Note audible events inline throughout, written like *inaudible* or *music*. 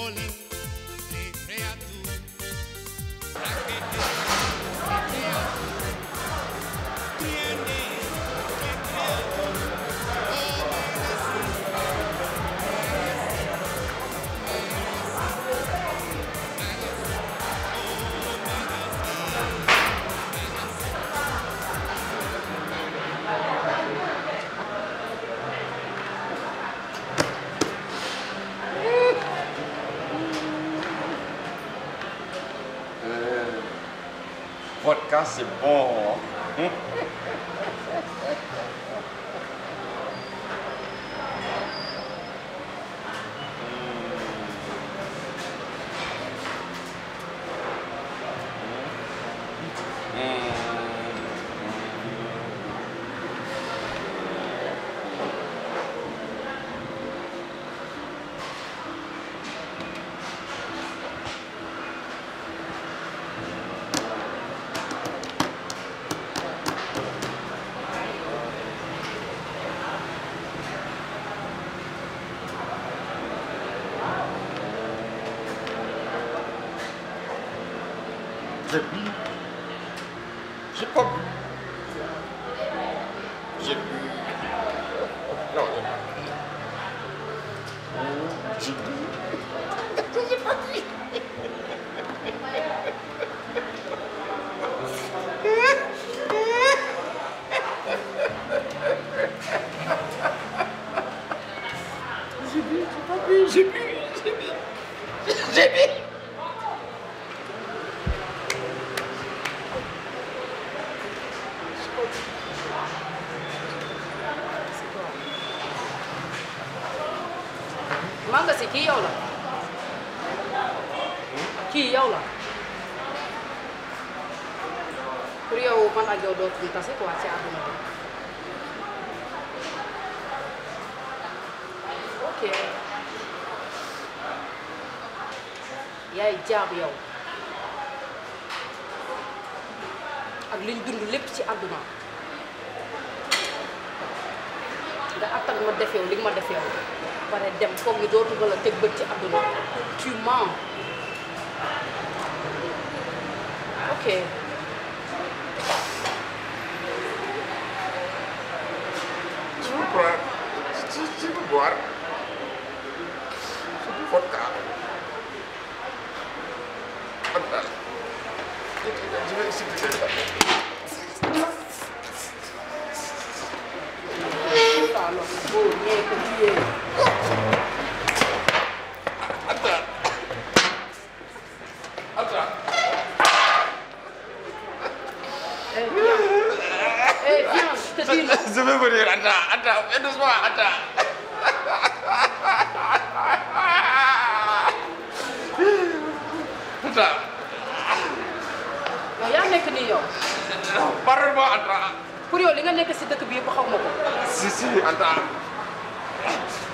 Polen Quand c'est bon, jaamu yow ak liñ dund lépp ci àdduna nga attan ma def yow li nga ma def pare dem foog ni dootu ma la teg bët ci àdduna tu mens ok Je vais vous dire, attends, attends, doucement, attends.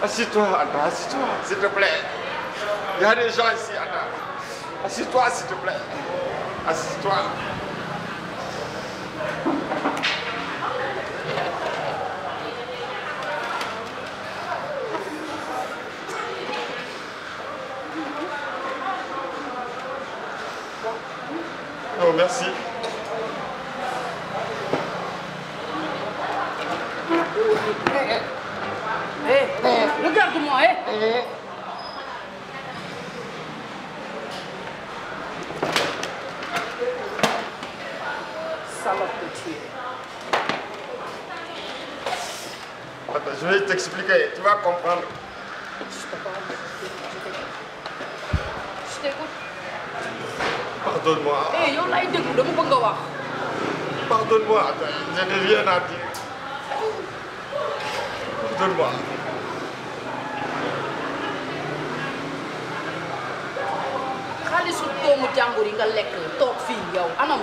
Assieds-toi, Anta, assieds-toi, s'il te plaît. Il y a des gens ici, Anta. Assieds-toi, s'il te plaît. Assieds-toi. Oh, merci. Attends, je vais t'expliquer, tu vas comprendre. Je t'écoute. Pardonne-moi. Eh, yow laay déglu dama bëgg nga wax. Pardonne-moi, je n'ai rien à dire. Pardonne-moi. xaalisu doomu jàmbur yi nga lekk toog fii yow anam.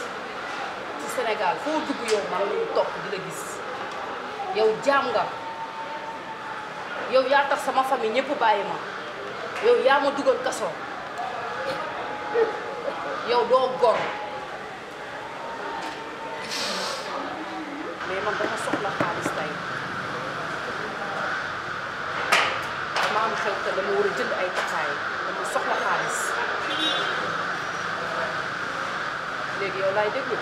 ci Sénégal foo dugg yow man lañu topp di gis yow jaam nga yow yaa tax sama famille ñépp bàyyi ma yow yaa ma dugal kaso yow doo gor mais man dama soxla xaalis tey dama soxla xaalis léegi yow laay déglu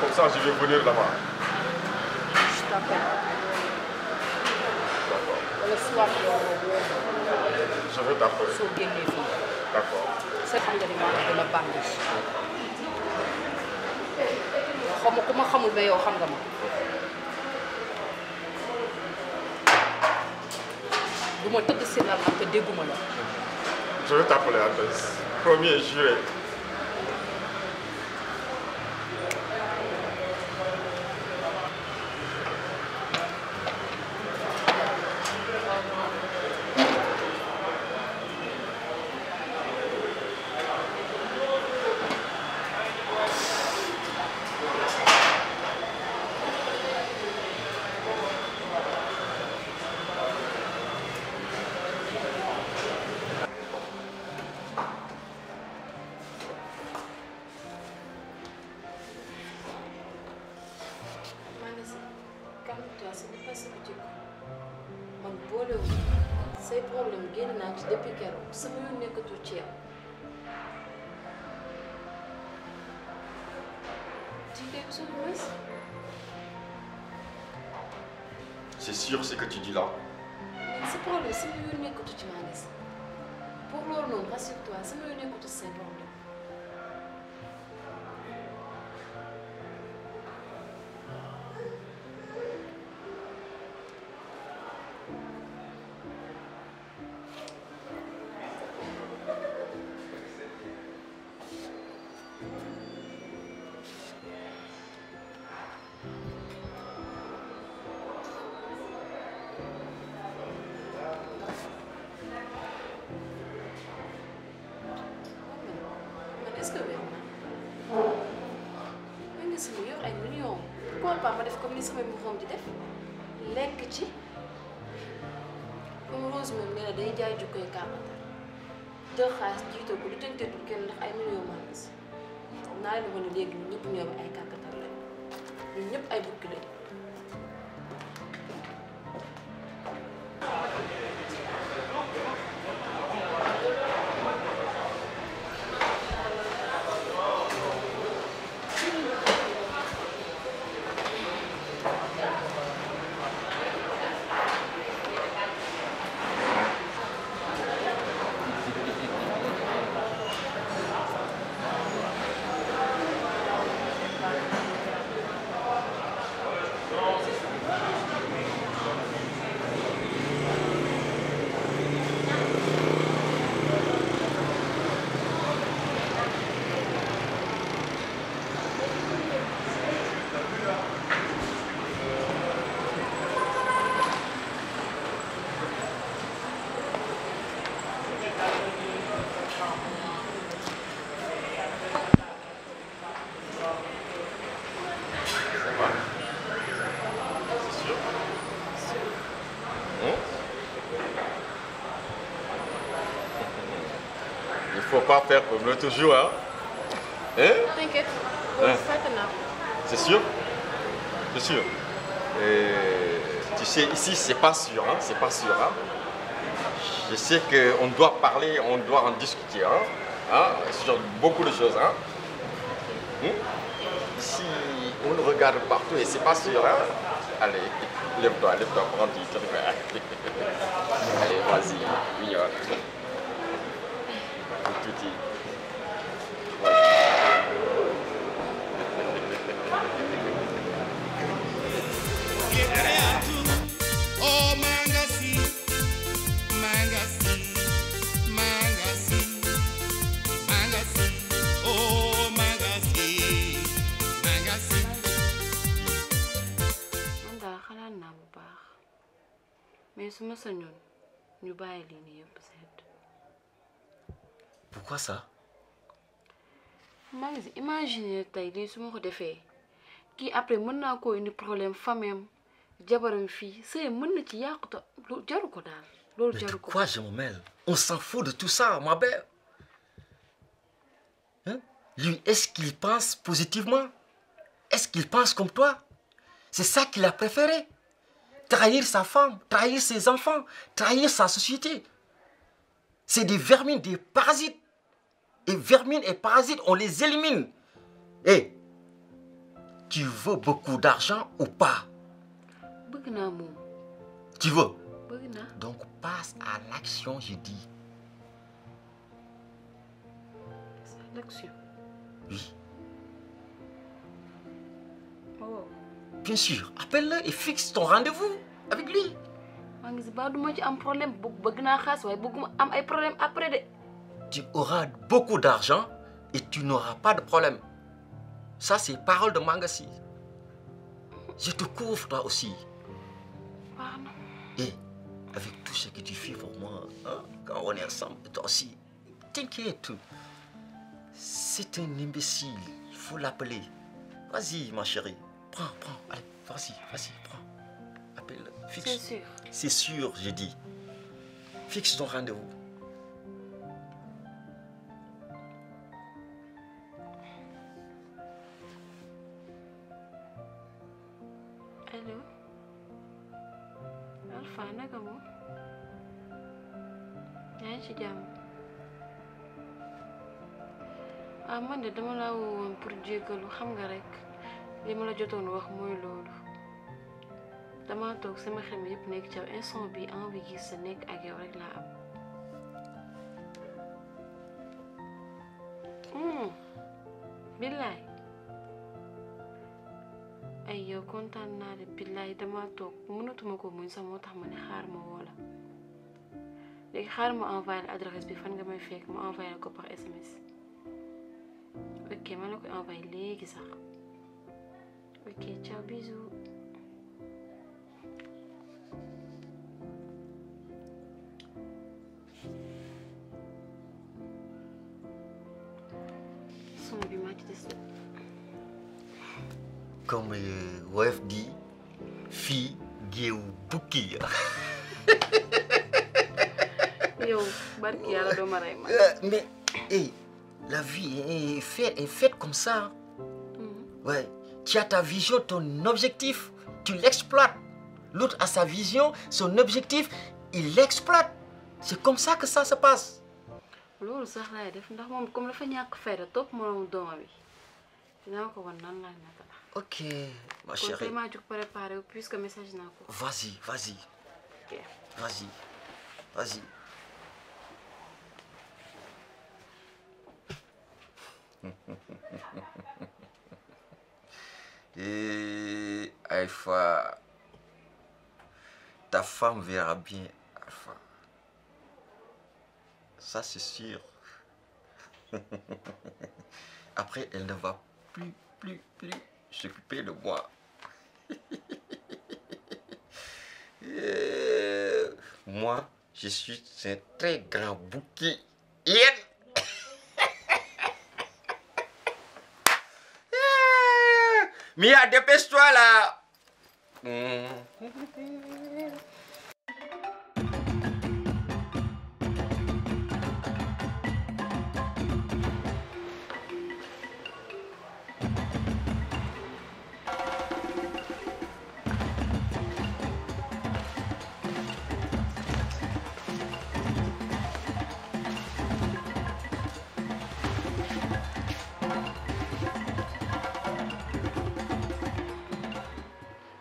comme ça je vais venir là-bas. Je t'appelle. D'accord. Le soir, je vais t'appeler. Soo génnee fii. D'accord. Sa xam nga ni maa ngi la bandi. Xam nga ku ma xamul ba yow xam nga ma. Du ma tëgg si la te dégguma la. Je vais t'appeler Antes. Premier juré. depuis keroog sama yoon nekkatul ci yow tu fais tout Louis c'est sûr ce que tu ci Maguette pour loolu noonu rassure-toi sama yoon nekkatul c'est un bàyyi na ma ne léegi ñun ñëpp ñoo ay kàkkatar lañ ñun pas faire comme l'autre jour. Hein? Hein? T'inquiète, hein? c'est sûr C'est sûr. Et, tu sais, ici, c'est pas sûr, hein? c'est pas sûr. Hein? Je sais qu'on doit parler, on doit en discuter hein? Hein? sur beaucoup de choses. Hein? Hum? Si on le regarde partout et c'est pas sûr, hein? allez, lève-toi, lève-toi, prends du *laughs* Allez, vas-y, mignonne. sañoon ñu bàyyi lii nii yëpp pourquoi ça. maa ngi si imaginer su ma ko defee kii après mën naa koo indi problème fameem jabaram fii sëy mën na ci yàqu ta jaru ko daal. loolu jaru ko quoi je me mêle on s'en de tout ça ma belle. lui est-ce qu'il pense positivement est-ce qu'il pense comme toi c'est ça qu'il a préféré. trahir sa femme, trahir ses enfants, trahir sa société. C'est des vermines, des parasites. Et vermines et parasites, on les élimine. Et tu veux beaucoup d'argent ou pas Tu veux Donc passe à l'action, j'ai dit. bien sûr appelle-le et fixe ton rendez-vous avec lui. maa si ba du ma am problème bëgg naa xaas waaye bëgguma am ay problème après de. tu auras beaucoup d'argent et tu n'auras pas de problème ça c'est parole de Mangassi je te couvre toi aussi. pardon. et avec tout ce que tu fais pour moi quand on est ensemble toi aussi t'inquiète c'est un imbécile il faut l'appeler vas-y ma chérie. prends, prends, allez, C'est sûr. j'ai dit. Fixe ton rendez-vous. Allô Alpha naka mu yaa ngi ci jàmm ah man de dama laa woowoon pour jéggalu xam nga rek li ma la jotoon wax mooy loolu dama toog sama xel mi yëpp nekk ca instant bi envie gis sa nekk ak yow rek laa am hmm. billaay ay yow kontaan naa de billaay dama toog mënatuma ko muñ sax moo tax ma ne xaar ma woo la léegi xaar ma envoyé la bi fan nga may fekk ma envoyé la ko SMS ok ma la koy envoyé léegi sax Ok, ciao, bisous. Son bi maa ci comme woyof di fii géew bukki ya yow barki yàlla doo ma rey eh, ma mais la vie eh, est eh, faite comme ça mm. tu as ta vision, ton objectif, tu l'exploites. L'autre a sa vision, son objectif, il l'exploite. C'est comme ça que ça se passe. loolu sax laay def ndax moom comme dafa ñàkk fayda topp moromu doomam bi dinaa ko wan nan laay ma chérie préparé puisque message naa ko. vas-y vas-y. *laughs* Et Alpha, ta femme verra bien Alpha. Ça, c'est sûr. *laughs* Après, elle ne va plus, plus, plus s'occuper de moi. *laughs* Euh, moi, je suis un très grand bouquet. Yeah Mia, dépêche-toi là. Mmh. *laughs*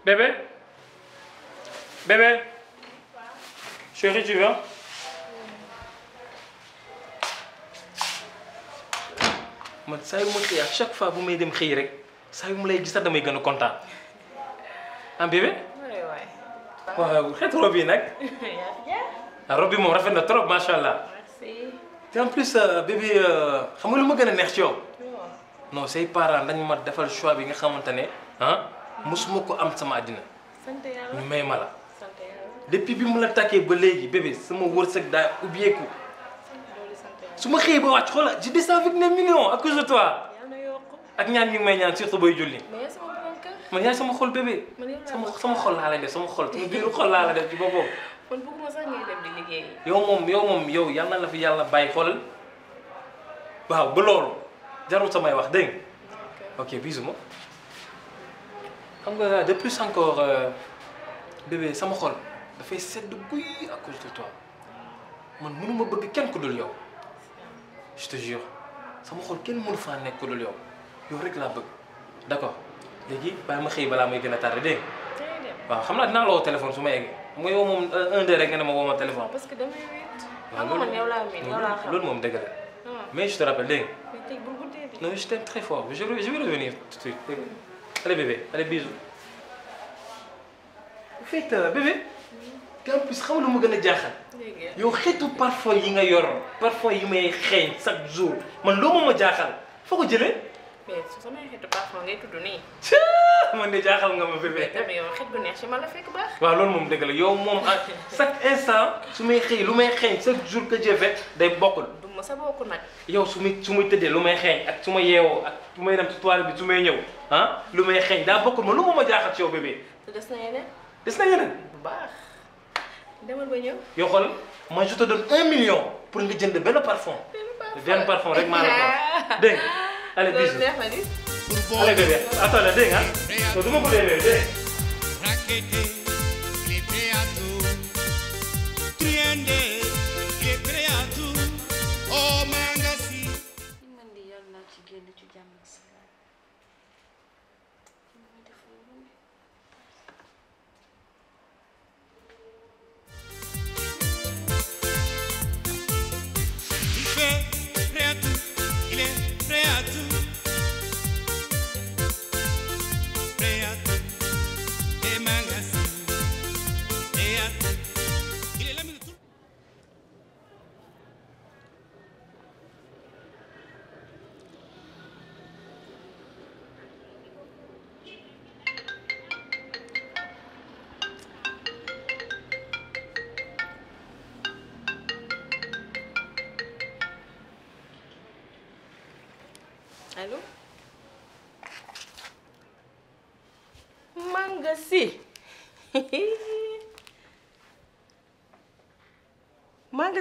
Bébé Bébé Chérie, tu viens man saa yu ma xëy à chaque fois bu may dem xëy rek saa yu ma lay gisaat damay gën a kontaan en bébé. waaw xeetu robe yi nag. *laughs* Ah, robe bi moom rafet na trop macha allah. merci. te en plus euh, bébé euh, xam nga lu ma gën a neex ci yow. non say parents dañ ma defal choix bi nga xamante ne ah. mosuma ko am sama àddina ñu may ma la depuis bi mu la takkee ba léegi bébé sama wërsëg daa ubbeeku su ma xëyee ba wàcc xoola je descends avec des millions à cause de toi ak ñaan ñu may ñaan surtout bay julli man yaay sama xol bébé sama sama xol laa la def sama xol sama biiru def ci boppam kon bëgguma sax ngay dem yow moom yow moom yow yal na la fi yàlla bàyyi xolal waaw ba loolu jarul samay wax dégg ok bisou ma xam nga de plus encore euh, bébé sama xol dafay sedd guy à cause de toi man mënuma bëgg kenn ku dul yow je sama xol kenn munu faa nekk ku dul yow yow rek laa bëgg d'accord léegi bàyyi ma xëy balaa may gën a tardé dégg waaw xam naa dinaa la téléphone su ma yeggee mooy woo moom euh, un deux rek nga ne ma téléphone. parce que moom yow laa miin yow laa xam loolu moom dëgg la. Ah. mais je revenir tout de suite Allez bébé, allez bisous. bu euh, fekkee bébé. te plus xam lu ma gën a jaaxal. yow xeetu parfum yi nga yoroon. parfum yi may xeeñ chaque jour man loo ma ma jaaxal foo ko jëlee. mais su sama xeetu parfum man de jaaxal nga ma bébé. mais yow xet bu neex si ma la fekk baax. waaw loolu moom dëgg la yow moom à chaque instant su may xëy lu may xeeñ chaque jour que je vais day bokkul. ma sa bokk nag. yow su muy su muy tëddee lu may xeeñ ak su ma yeewoo ak su may dem ci toile bi su may ñëw ah lu may xeeñ daa bokkul ma lu ma ma jaaxal ci yow bébé. des na yeneen. des na yeneen. bu baax demal ba ñëw. yow xool ma je te un million pour nga jënd benn parfum. benn parfum rek maa la ko *laughs* dégg allez bisous allez bébé attends la dégg nga du ma ko dee bébé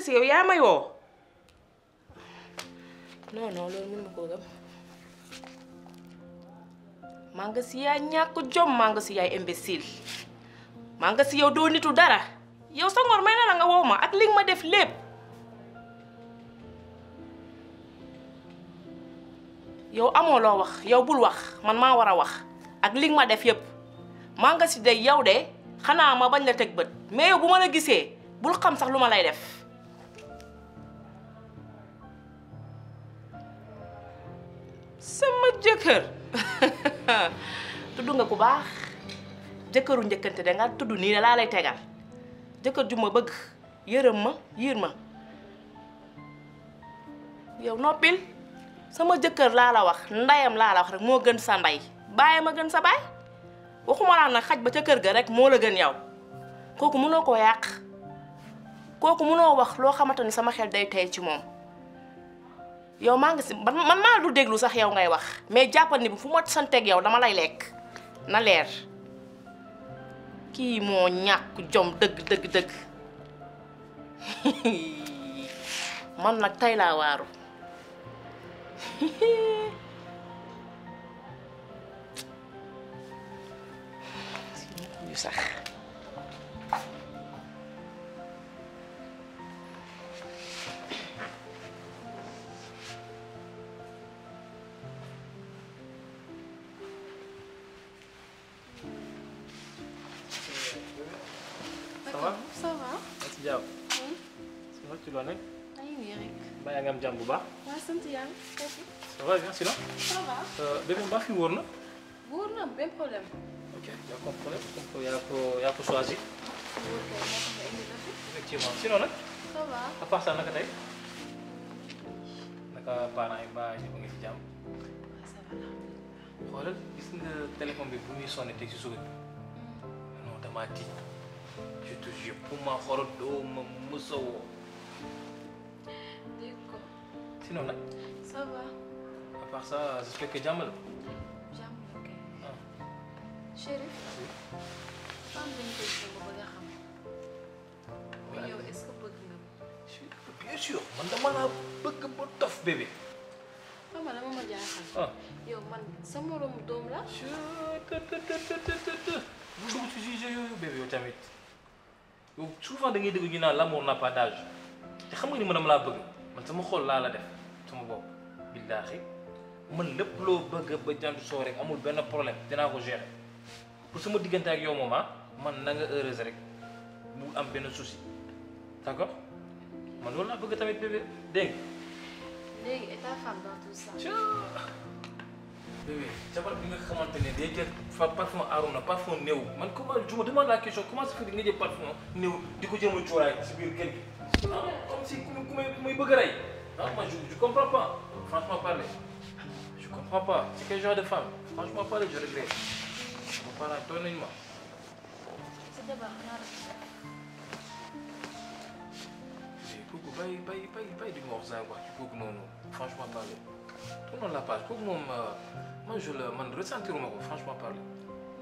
si yaa may woo non loolu mënu koo gëm maa si yaa ñàkk jom maa si yaay imbécile maa nga si yow doo nitu dara yow sa ngor may la nga woo ma ak li ma def lépp yow amoo loo wax yow bul wax man maa war a wax ak li ma def yépp maa nga si de yow de xanaa ma bañ la teg bët mais yow bu man a gisee bul xam sax lu ma lay def sama jëkkër tudd nga ku baax jëkkëru njëkkante da nga tudd nii ne laa lay tegal jëkkër ju ma bëgg yërëm ma yiir ma yow noppil sama jëkkër laa la wax ndeyam laa la wax rek moo gën sa ndey bàyyi a gën sa baay waxuma laa nag xaj ba ca kër ga rek moo la gën yow kooku mënoo koo yàq kooku mënoo wax loo xamante ni sama xel day tey ci moom yow maa ngi si man maa dul déglu sax yow ngay wax mais jàppal ni fu ma santeeg yow dama lay lekk na leer kii moo ñàkk jom dëgg dëgg dëgg *laughs* man nag tey laa waaru *laughs* sax ci loolu nag. bàyyi nga am jàmm bu baax. waaw ah, sant yàlla. ça euh, mbaa fi wóor na. wóor na benn problème. ok yaa ko problème yaa ko yaa ko choisi. effectivement sinon nag. ça va à part ça naka tey. naka mbaa ñëpp a ngi jàmm. waaw gis nga téléphone bi bu muy sonné teg ci suuf bi. Hmm. non damaa tiit. je te jure bu ma xoro doo ma mësa woo. d'accord. sinon nag. ça va. à part ça j'espère que jàmm la. jàmm la kay. Chérif. fan lañ koy ba nga xam. mais yow est-ce que bëgg nga bien sûr man dama laa bëgg ba dof bébé. mama dama ma jaaxal. yow man sa moromu doom la. je te te te te te te. bul dugg ci sujet yooyu bébé yow tamit. yow souvent da ngay dégg ñu naa l'amour n'a pas te xam nga ni man dama laa bëgg man sama xol laa la def sama bopp billaahi man lépp loo bëgg ba jant soo rek amul benn problème dinaa ko gérer pour sama diggante ak yow moom man nanga nga heureuse rek bu am benn souci d'accord man loolu laa bëgg tamit bébé dégg léegi état femme dans tout ça. bébé jabar bi nga xamante ne day jël parfum Arona parfum néew man comment je me demande la question comment nga jël parfum néew di ko jëma cuuraay si biir kër gi ah comme si ku may ku may bëgg a rey ah man je je comprends pas franchement parler je comprends pas c'est quel genre de femme franchement parler je regrette sama parent doon nañu ma. kooku bàyyi bàyyi bàyyi bàyyi di ma wax saa wax ci noonu franchement parler. tournons la page kooku moom man je la man ressentiruma ko franchement parler.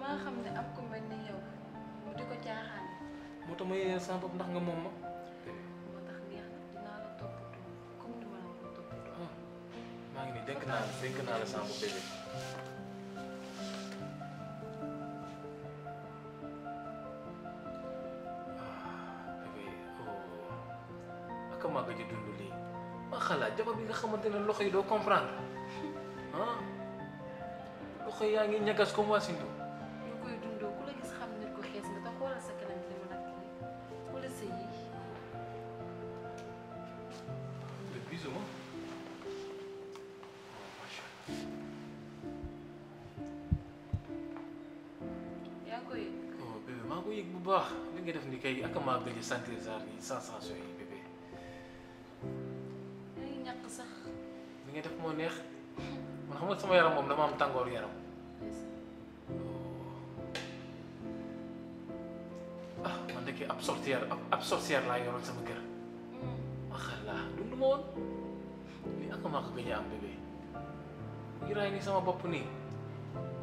maa xam ne am ku mel ni yow di ko caaxaan. moo tax ma yee ndax nga moom ma. moo tax na dinaa ah, maa ngi nii dénk naa la dénk naa la ah bébé oh ak lii. ma xalaat jabar bi nga xamante ne loxo yi doo comprendre ah, loxo yaa ngi ñagas comme waa Sintu. ñu koy dundoo ku la gis xam nit ko xees nga te xoolal sa kanam li mu nag oh, koy yëg. oh bébé maa koy yëg bu baax li nga def ni kay ak gëj sensation yi. nga sama yaram moom dama am tàngooru yaram ah man nekkee ab sorcière ab sorcière laa yoroon sama kër waxalla dundu ma woon lii ak maa ko gëj a am bébé yi raay sama bopp nii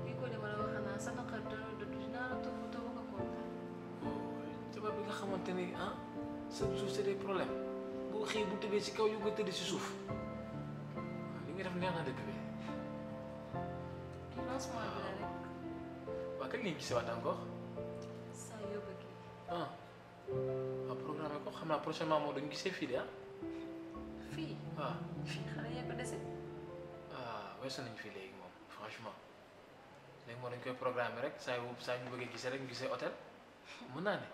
lii ko dama la wax naa sama kër dana dund dinaa la tëb tëb nga kontaan jabar bi nga xamante ni ah chaque jour c'est des problèmes boo xëy bu tëbee si kaw yu nga tëdd si suuf li nga def neex na dëgg bi lancement bi la rek. waaw kañ saa yoo bëggee. ah waaw programme ko xam naa prochainement moo dañu gisee fii de ah. fii. waaw ah. fii xale yaa ko dese. waaw ah, weesu nañu fii léegi moom franchement léegi moom dañu koy programmer rek saa yu saa ñu bëggee gisee rek ñu gisee hôtel mën naa ne.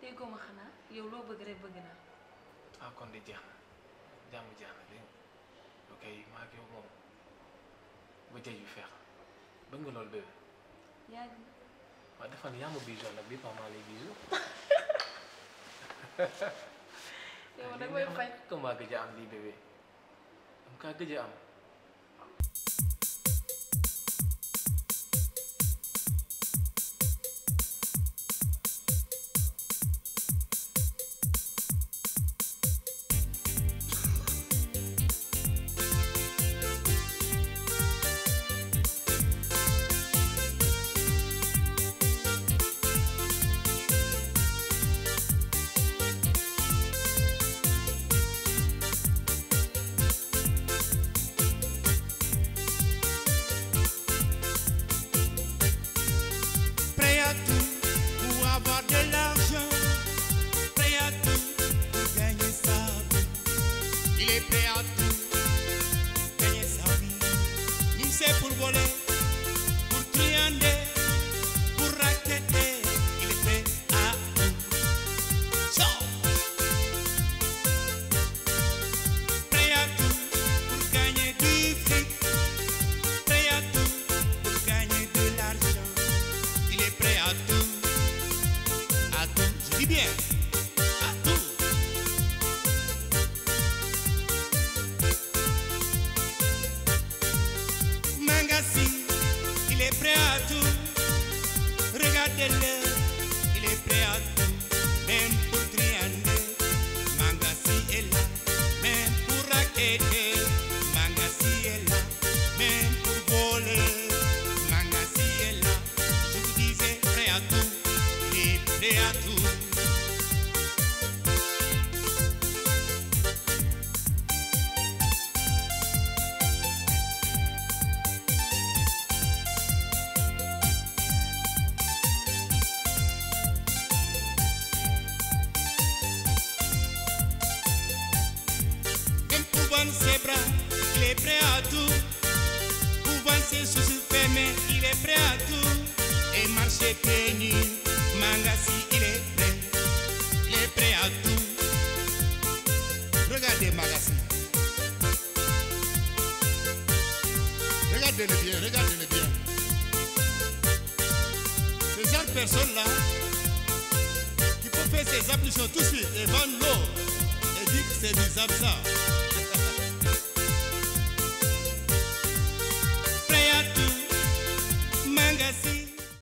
déggoo ma xanaa yow loo bëgg rek bëgg naa. ah kon de jeex na jàmm jeex na dégg nga ok maa yow moom ba jëj yu feex bëgg nga loolu bébé. yaa ngi. yaa ma bii paa maa lay bijoux. yow da koy fay. comme maa gëj a am lii am kaa gëj a